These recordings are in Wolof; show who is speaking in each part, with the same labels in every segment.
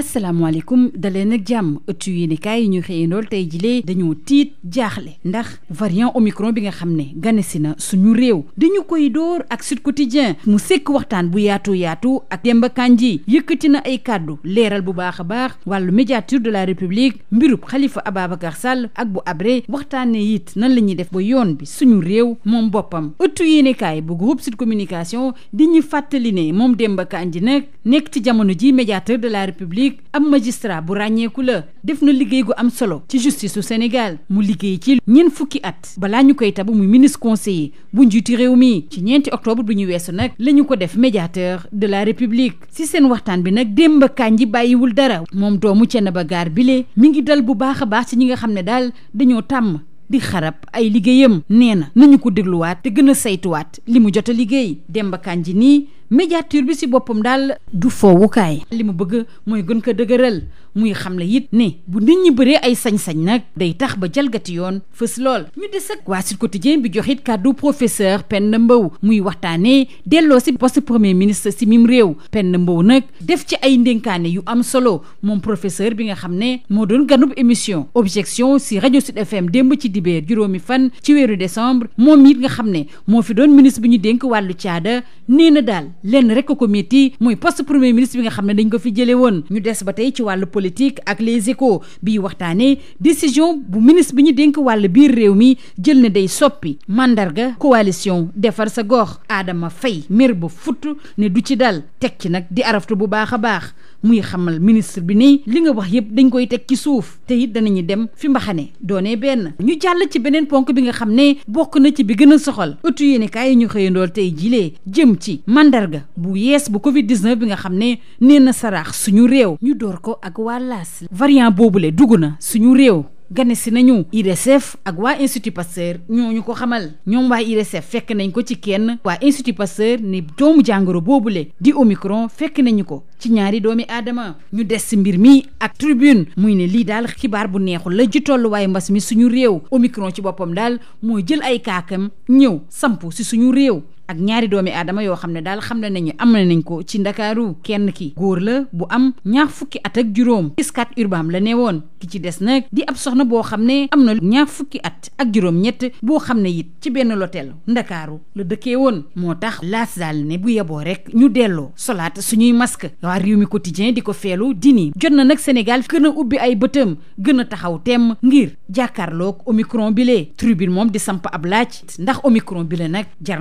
Speaker 1: asalaamaaleykum daleen ak jàmm ëttu yéenekaay yi ñu xëyandool tey jilee dañoo tiit jaaxle ndax variant micron bi nga xam ne ganesi na suñu réew dañu koy dóor ak Sud Quotidien mu sekk waxtaan bu yaatu yaatu ak Demba Kandji yëkkati na ay kàddu leeral bu baax a baax wàllu médiateur de la République mbirub Khalifa Ababacar Sall ak bu abre waxtaanee it nan la ñuy def ba yoon bi suñu réew moom boppam ëttu yéenekaay bu groupe Sud Communication di ñu fàttali ne moom Demba Kandji nag nekk ci jamono ji médiateur de la République Mbourik ab magistrat bu ràññeeku la def na liggéey gu am solo ci justice su Sénégal mu liggéey ci ñeent fukki at balaa ñu koy tabu muy ministre conseiller bu njiitu réew mi ci ñeenti octobre bu ñu weesu nag la ñu ko def médiateur de la république si seen waxtaan bi nag Demba Kandji bàyyiwul dara moom doomu Thiénaba Gare bile mi ngi dal bu baax a baax ci ñi nga xam ne daal dañoo tàmm di xarab ay liggéeyam nee na nañu ko dégluwaat te gën saytuwaat li mu jot a médiature bi si boppam daal du foowukaay li mu bëgg mooy gën ko dëgëral muy xamle it ni bu nit ñi bëree ay sañ-sañ nag day tax ba jalgati yoon fës lool ñu des ak waa Sud Quotidien bi jox it kàddu professeur Penda Mbow muy waxtaanee delloo si poste premier ministre si mim réew Penda Mbow nag def ci ay ndénkaane yu am solo moom professeur bi nga xam ne moo doon ganub émission objection si rajo ci FM démb ci dibeer juróomi fan ci weeru décembre moom it nga xam ne moo fi doon ministre bi ñu dénk wàllu caada nee na daal lenn rek ko métti muy poste premier ministre bi nga xam ne dañ ko fi jëlee woon ñu des ba tey ci wàll politique ak les échos bi waxtaanee décision bu ministre bi ñu dénk wàll biir réew mi jël ne day soppi mandarga coalition defar sa gox aadama Faye mer ba futt ne du ci dal teg ci nag di araftu bu baax a baax muy xamal ministre bi nii li nga wax yëpp dañ koy teg ci suuf te it danañu dem fi mbaxane doonee benn ñu jàll ci beneen ponk bi nga xam ne bokk na ci bi gën a soxal ëttu yéenekaay yi ñu xëyandool tey jilee jëm ci màndarga bu yees bu covid bi nga xam ne nee na saraax suñu réew ñu door ko ak wàllaas variant le dugg na suñu réew gane si nañu IRESSEF ak waa Institut Pasteur ñu ko xamal ñoom waa IRESSEF fekk nañ ko ci kenn waa Institut Pasteur ni doomu jàngoro boobu boobule di Omicron fekk nañu ko ci ñaari doomi aadama ñu des si mbir mi ak tribune muy ne lii daal xibaar bu neexul la ji tolluwaayu mbas mi suñu réew Omicron ci boppam daal mooy jël ay kaakam ñëw samp si suñu réew ak ñaari doomi aadama yoo xam ne daal xam ne nañu am nañ ko ci ndakaaru kenn ki góor la bu am ñaax fukki at ak juróom Scat Urbam la ne woon ki ci des nag di ab soxna boo xam ne am na ñaar fukki at ak juróom ñett boo xam ne it ci benn lotel ndakaaru la dëkkee woon moo tax laas daal ne bu yeboo rek ñu delloo solaat suñuy masque waa réew mi quotidien di ko feelu nii jot na nag Sénégal gën a ubbi ay bëtam gën a taxaw temm ngir jàkkaarloog omicron bi lee moom di samp ab laaj ndax omicron bi nag jar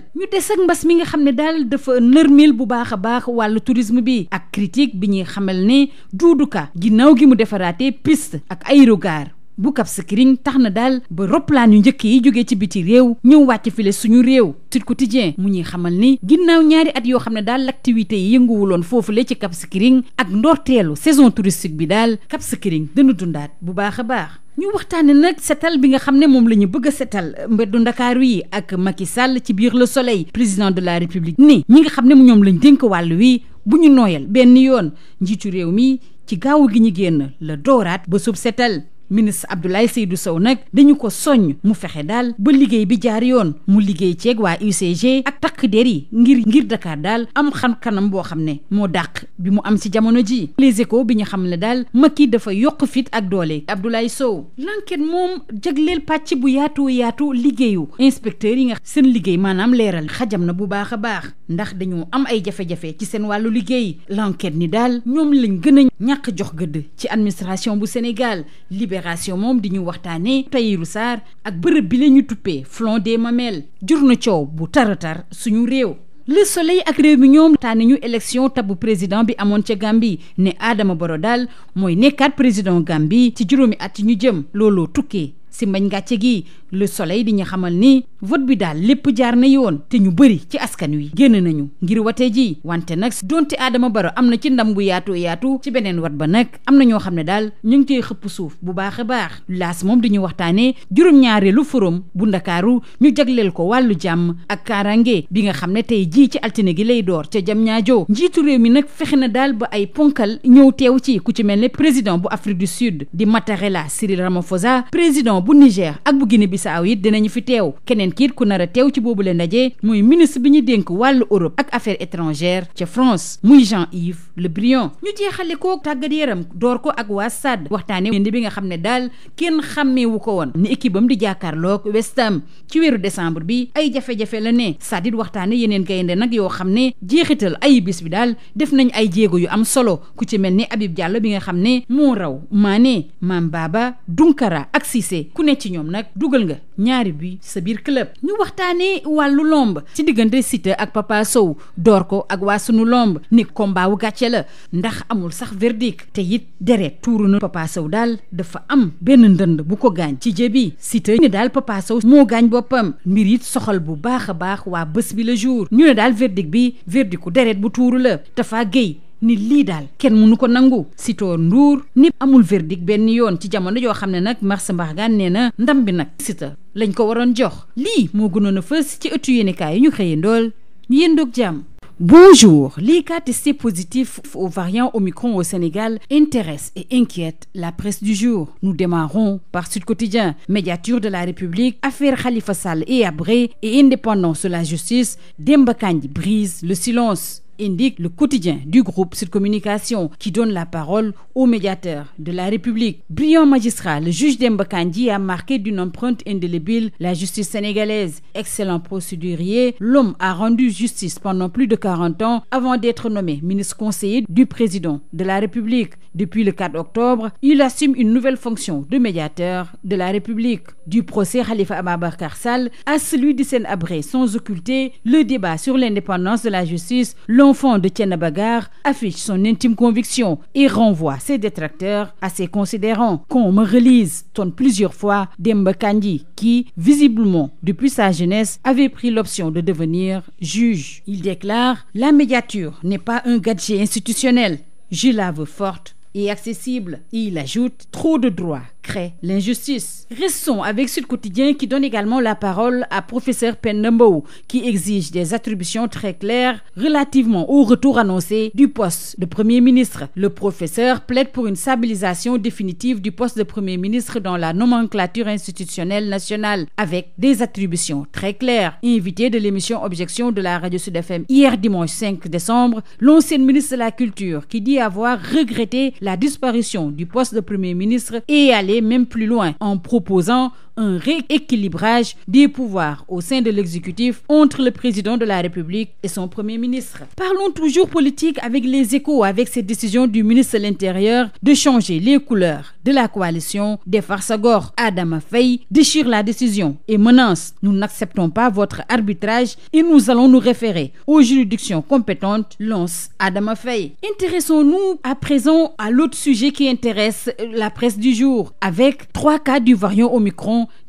Speaker 1: dal ñu des ak mbas mi nga xam ne daal dafa nërmeel bu baax a baax wàllu tourisme bi ak critique bi ñuy xamal ne Doudou ginnaaw gi mu defaraatee piste ak aérogare bu Cap Skirring tax na daal ba roplaan yu njëkk yi jógee ci biti réew ñëw wàcc file suñu réew Sud Quotidien mu ñuy xamal ni ginnaaw ñaari at yoo xam ne daal l'activité yi yënguwuloon le ci Cap Skirring ak ndoorteelu saison touristique bi daal Cap Skirring dana dundaat bu baax a baax ñu waxtaane nag setal bi nga xam ne moom la ñu bëgg a setal mbeddu ndakaaru yi ak Macky Sall ci biir le soleil président de la république ni ñi nga xam ne ñoom lañ dénk wàll wi bu ñu nooyal benn yoon njiitu réew mi ci gaawu gi ñu génn la dooraat ba sub setal ministre Abdoulaye Seydou Sow nag dañu ko soññ mu fexe daal ba liggéey bi jaar yoon mu liggéey ceeg waa UCG ak takk der yi ngir ngir dakaar daal am xam kanam boo xam ne moo dàq bi mu am ci jamono ji les échos bi ñu xam ne daal kii dafa yokk fit ak doole Abdoulaye Sow l'enquête moom jagleel pàcc bu yaatu yaatu liggéeyu inspecteur yi nga seen liggéey maanaam leeral xajam na bu baax a baax ndax dañoo am ay jafe-jafe ci seen wàllu liggéey l'enquête ni daal ñoom lañ gën a ñàkk jox gëdd ci administration bu Sénégal libération moom di ñu waxtaanee Tahirou Sarr ak bërëb bi la ñu tuppee Front des Mamelles jur na coow bu tar suñu réew le soleil ak réew mi ñoom taani ñu élection tabu président bi amoon ca Gambie ne aadama Barrow daal mooy nekkaat président Gambie ci juróomi at yi ñu jëm looloo tukkee si mbañ gàcce gi le soleil di ñu xamal ni vote bi daal lépp jaar na yoon te ñu bëri ci askan wi génn nañu ngir watee ji wante nag donte Adama Barrow am na ci ndam bu yaatu yaatu ci beneen wat ba nag am na ñoo xam ne daal ñu ngi cee xëpp suuf bu baax a baax laas moom di ñu waxtaanee juróom-ñaareelu forum bu ndakaaru ñu jagleel ko wàllu jàmm ak kaarange bi nga xam ne tey jii ci altine gi lay door ca jam ñaajo njiitu réew mi nag fexe na daal ba ay ponkal ñëw teew ci ku ci mel ne président bu Afrique du Sud di Matarela délégation bu Niger ak bu Guinée Bissau it dinañu fi teew keneen kiit ku nar a teew ci boobu boobule ndaje mooy ministre bi ñu dénk wàllu Europe ak affaires étrangères ca France muy Jean-Yves Le Brion ñu jeexale koo tàggat yaram door ko ak waa SAD waxtaane ndi bi nga xam ne daal kenn xàmmeewu ko woon ni équipe am di jàkkaarloog West Ham ci weeru décembre bi ay jafe-jafe la ne SAD it waxtaane yeneen gaynde nag yoo xam ne jeexital ay bis bi daal def nañ ay jéego yu am solo ku ci mel ni Habib Diallo bi nga xam ne moo raw Mané Mambaba Dunkara ak ku ne ci ñoom nag dugal nga ñaari bi sa biir club ñu waxtaanee wàllu lomb ci diggante Siteu ak Papa door ko ak waa sunu lomb ni combat wu gàcce la ndax amul sax verdict te it deret tuuru na Papa Sow daal dafa am benn ndënd bu ko gaañ ci jébi Siteu ni daal Papa moo gaañ boppam mbir it soxal bu baax a baax waa bës bi la jour ñu ne daal verdict bi verdictu deret bu tuuru la dafa Gueye nit lii daal kenn nu ko nangu si Sitor nduur nit amul verdict benn yoon ci jamono joo xam ne nag Max Mbargane nee na ndam bi nag Siteu lañ ko waroon jox lii moo gunoon a fës ci ëttu yéenekaay yi ñu xëyee ndool ñu yëndoog jàmm Bonjour. Les cas testés positifs aux variants Omicron au Sénégal intéressent et inquiètent la presse du jour. Nous démarrons par Sud Quotidien, médiature de la République, affaire Khalifa Sall et Abré et indépendance de la justice, Demba le silence. indique le quotidien du groupe Sud Communication qui donne la parole au médiateur de la République. Brillant magistrat, le juge Demba Kandji a marqué d'une empreinte indélébile la justice sénégalaise. Excellent procédurier, l'homme a rendu justice pendant plus de 40 ans avant d'être nommé ministre conseiller du président de la République. Depuis le octobre, il assume une nouvelle fonction de médiateur de la République. Du procès Khalifa Ababacar Sall à celui l'enfant de Thiénaba Gare affiche son intime conviction et renvoie ses détracteurs à ses considérants. Qu'on me relise, ton plusieurs fois Demba Kandji qui, visiblement depuis sa jeunesse, avait pris l'option de devenir juge. Il déclare: La médiature n'est pas un gadget institutionnel. Je la veux forte et accessible. Et il ajoute: Trop de droits crée l'injustice. Restons avec Sud Quotidien qui donne également la parole à professeur Pendembo qui exige des attributions très claires relativement au retour annoncé du poste de Premier ministre. Le professeur plaide pour une stabilisation définitive du poste de Premier ministre dans la nomenclature institutionnelle nationale avec des attributions très claires. Invité de l'émission Objection de la radio Sud FM hier dimanche 5 décembre, l'ancienne ministre de la Culture qui dit avoir regretté la disparition du poste de Premier ministre aller même plus loin en proposant un rééquilibrage des pouvoirs au sein de l'exécutif entre le président de la République et son premier ministre. Parlons toujours politique avec les échos, avec cette décision du ministre de l'Intérieur de changer les couleurs de la coalition des Farsagor. Adama Faye déchire la décision et menace Nous n'acceptons pas votre arbitrage et nous allons nous référer aux juridictions compétentes, lance Adama Faye. Intéressons-nous à présent à l'autre sujet qui jour, avec trois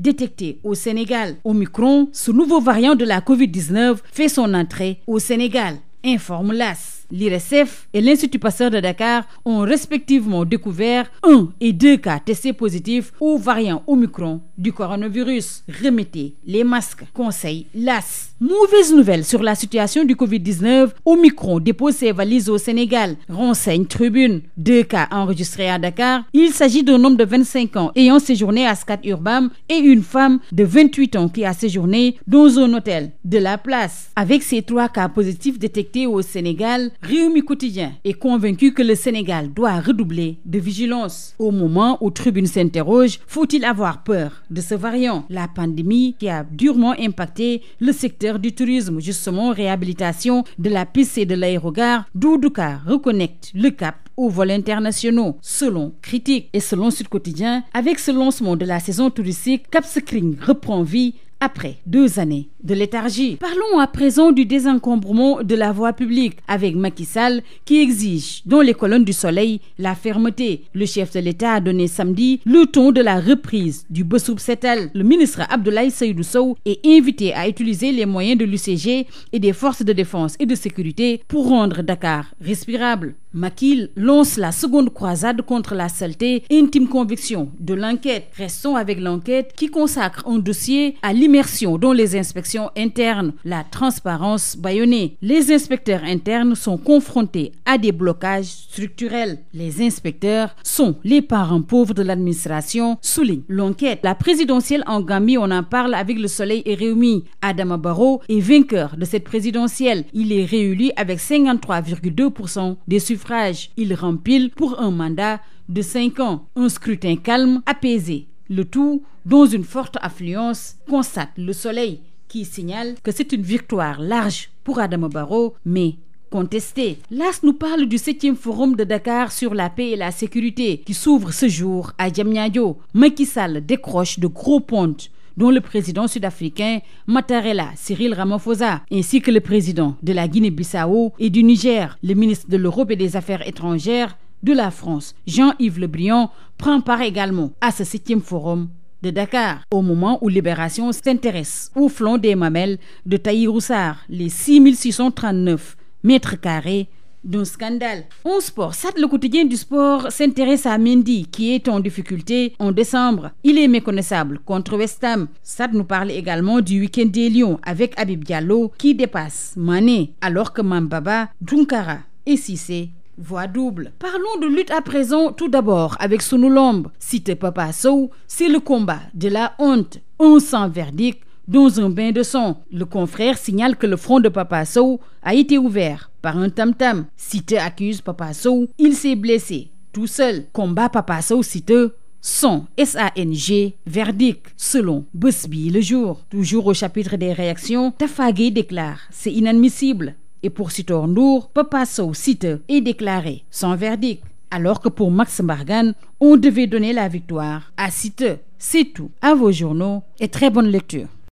Speaker 1: millions au Sénégal. Omicron, ce nouveau variant de la COVID-19, fait son entrée au Sénégal, informe l'AS. l'IRSF et l'Institut Pasteur de Dakar ont respectivement découvert un et deux cas testés positifs au variant Omicron du coronavirus. Remettez les masques. Conseil LAS. Mauvaise nouvelle sur la situation du Covid-19. Omicron dépose ses valises au Sénégal. Renseigne Tribune. Deux cas enregistrés à Dakar. Il s'agit d'un homme de 25 ans ayant séjourné à Scat Urbam et une femme de 28 ans qui a séjourné dans un hôtel de la place. Avec ces trois cas positifs détectés Réumi Quotidien est convaincu que le Sénégal doit redoubler de vigilance. Au moment où Tribune s'interroge, faut-il avoir peur de ce variant La pandémie qui a durement impacté le secteur du tourisme, justement réhabilitation de la piste et de l'aérogare, Doudouka reconnecte le cap aux vols internationaux, selon Critique et selon Sud Quotidien. Avec ce lancement de la saison touristique, Cap Skirring reprend vie après deux années de léthargie. Parlons à présent du désencombrement de la voie publique avec Macky Sall qui exige dans les colonnes du Soleil la fermeté. Le chef de l'État a donné samedi le ton de la reprise du Bessoub Setel. Le ministre Abdoulaye Seydou Sow est invité à utiliser les moyens de l'UCG et des forces de défense et de sécurité pour rendre Dakar respirable. Macky lance la seconde croisade contre la saleté, intime conviction de l'enquête. Restons avec l'enquête qui consacre un dossier à l'immersion dans les élections internes, la transparence bâillonnée. Les inspecteurs internes sont confrontés à des blocages structurels. Les inspecteurs sont les parents pauvres de l'administration, souligne l'enquête. La présidentielle en Gambie, on en parle avec le Soleil et Rewmi. Adama Barrow est vainqueur de cette présidentielle. Il est réélu avec 53,2% des suffrages. Il rempile pour un mandat de 5 ans, un scrutin calme, apaisé, le tout dans une forte affluence, constate le soleil. qui signale que c'est une victoire large pour Adama Barrow, mais contestée. L'AS nous parle du 7 forum de Dakar sur la paix et la sécurité qui s'ouvre ce jour à Diamniadio. Macky Sall décroche de gros pontes dont le président sud-africain Matarella Cyril Ramaphosa, ainsi que le président de la Guinée-Bissau et du Niger, le ministre de l'Europe et des Affaires étrangères de la France, Jean-Yves Le Briand, prend part également à ce septième forum de Dakar, au moment où Libération s'intéresse au flanc des mamelles de Taïroussard, les 6639 mètres carrés d'un scandale. En sport, Sat le quotidien du sport s'intéresse à Mendy qui est en difficulté en décembre. Il est méconnaissable contre West Ham. Sat nous parle également du week-end des Lions avec Habib Diallo qui dépasse Mané alors que Mambaba, Dunkara et Sissé voie double. Parlons de lutte à présent tout d'abord avec Sunu Lamb. Cité Papa Sow, c'est le combat de la honte, un sans verdict dans un bain de sang. Le confrère signale que le front de Papa Sow a été ouvert par un tam-tam. Cité accuse Papa Sow, il s'est blessé tout seul. Combat Papa Sow Cité son SANG verdict selon Busby le jour. Toujours au chapitre des réactions, Tafagé déclare C'est inadmissible. et pour Sitor Ndour, Papa Sow cite est déclaré sans verdict, alors que pour Max Mbargane, on devait donner la victoire à Siteu. C'est tout. À vos journaux et très bonne lecture.